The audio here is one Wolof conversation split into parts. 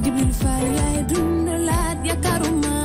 di bin faal yaay dundalaat yaakaaruma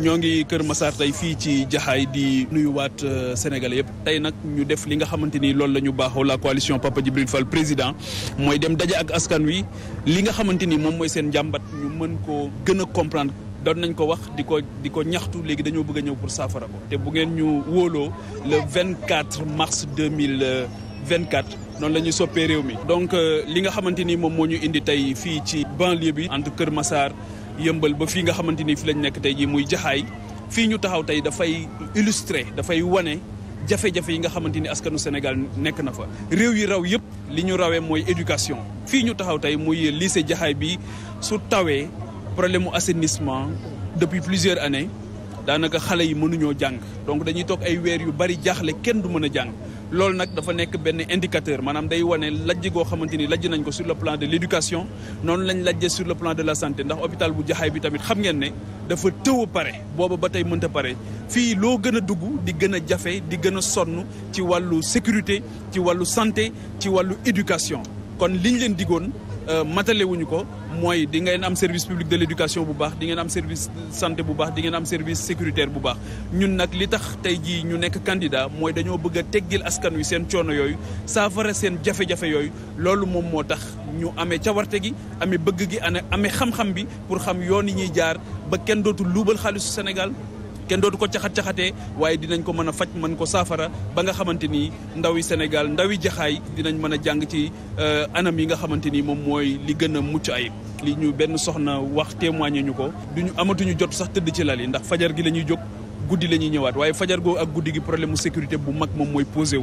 ñoo ngi Kër Massar tey fii ci Jaxaay di nuyuwaat euh, Sénégalais yëpp tey nag ñu def li nga xamante ni loolu la ñu baaxoo la coalition Papa Djibril fal président mooy dem daje ak askan wi li nga xamante ni moom mooy seen njàmbat ñu mën koo gën a comprendre doon nañ ko wax di ko di ko ñaxtu léegi dañoo bëgg a ñëw pour saafara ko te bu ngeen ñu wóoloo le 24 mars 2024. noonu la ñuy soppee réew mi donc euh, li nga xamante ni moom moo ñu indi tey fii ci banlieue bi entre Kër masaar yëmbal ba fii nga xamante ni fi lañu nekk tey jii muy jaxaay fii ñu taxaw tey dafay illustrer dafay wane jafe-jafe yi nga xamante ni askanu Sénégal nekk na fa réew yi raw yëpp li ñu rawee mooy éducation fii ñu taxaw tey muy lycée jaxaay bi su tawee problème mu assainissement depuis plusieurs années daanaka xale yi mënuñoo jàng donc dañuy toog ay weer yu bari jaaxle kenn du mën a jàng loolu nag dafa nekk benn indicateur maanaam day wane lajj goo xamante ni lajj nañ ko sur le plan de l'éducation noonu lañ lajjee sur le plan de la santé ndax hôpital bu jaxaay bi tamit xam ngeen ne dafa tëw a pare booba ba tey mënta pare fii loo gën a dugg di gën a jafe di gën a sonn ci wàllu sécurité ci wàllu santé ci wàllu éducation kon liñ leen digoon Euh, matale wuñu ko mooy di ngeen am service public de l'éducation bu baax di ngeen am service santé bu baax di ngeen am service sécuritaire bu baax ñun nag li tax tey jii ñu nekk candidat mooy dañoo bëgg a teggil askan wi seen coono yooyu saafara seen jafe-jafe yooyu loolu moom moo tax ñu amee cawarte gi amee bëgg gi amee xam-xam bi pour xam yoon yi ñuy jaar ba kenn dootul luubal xaalisu Sénégal kenn dootu ko caxat-caxatee waaye dinañ ko mën a faj mën ko saafara ba nga xamante ni ndaw yi Sénégal ndaw yi jaxaay dinañ mën a jàng ci euh, anam yi nga xamante ni moom mooy li gën a mucc ayib li ñu benn soxna wax témoigné ñu ko duñu amatuñu jot sax tëdd ci lal yi ndax fajar gi la ñuy jóg guddi la ñuy ñëwaat waaye fajar googu ak guddi gi problème mu sécurité bu mag moom mooy posé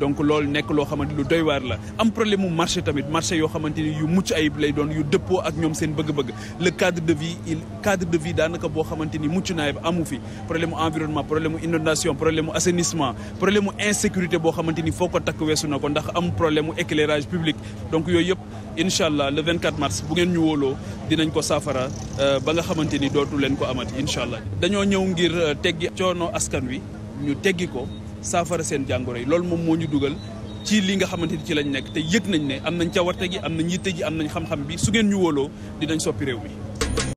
donc loolu nekk loo xamante lu doy waar la am problème mu marché tamit marché yoo xamante ni yu mucc ayib lay doon yu dëppoo ak ñoom seen bëgg-bëgg le cadre de vie il cadre de vie daanaka boo xamante ni mucc naa amu fi problème mu environnement problème mu inondation problème mu assainissement problème mu insécurité boo xamante ni foo ko takk weesu na ko ndax am problème mu éclairage public donc yooyu yëpp incha allah le 24 mars bu ngeen ñu wóoloo dinañ ko saafara euh, ba nga xamante ni dootu leen ko amati incha allah dañoo ñëw ngir euh, teggi coono askan wi ñu teggi ko saafara seen jàngoro yi loolu moom moo ñu dugal ci li nga xamante ni ci lañ nekk te yëg nañ ne am nañ cawarte gi am nañ yitte gi am nañ xam-xam bi su ngeen ñu wóoloo dinañ soppi réew mi.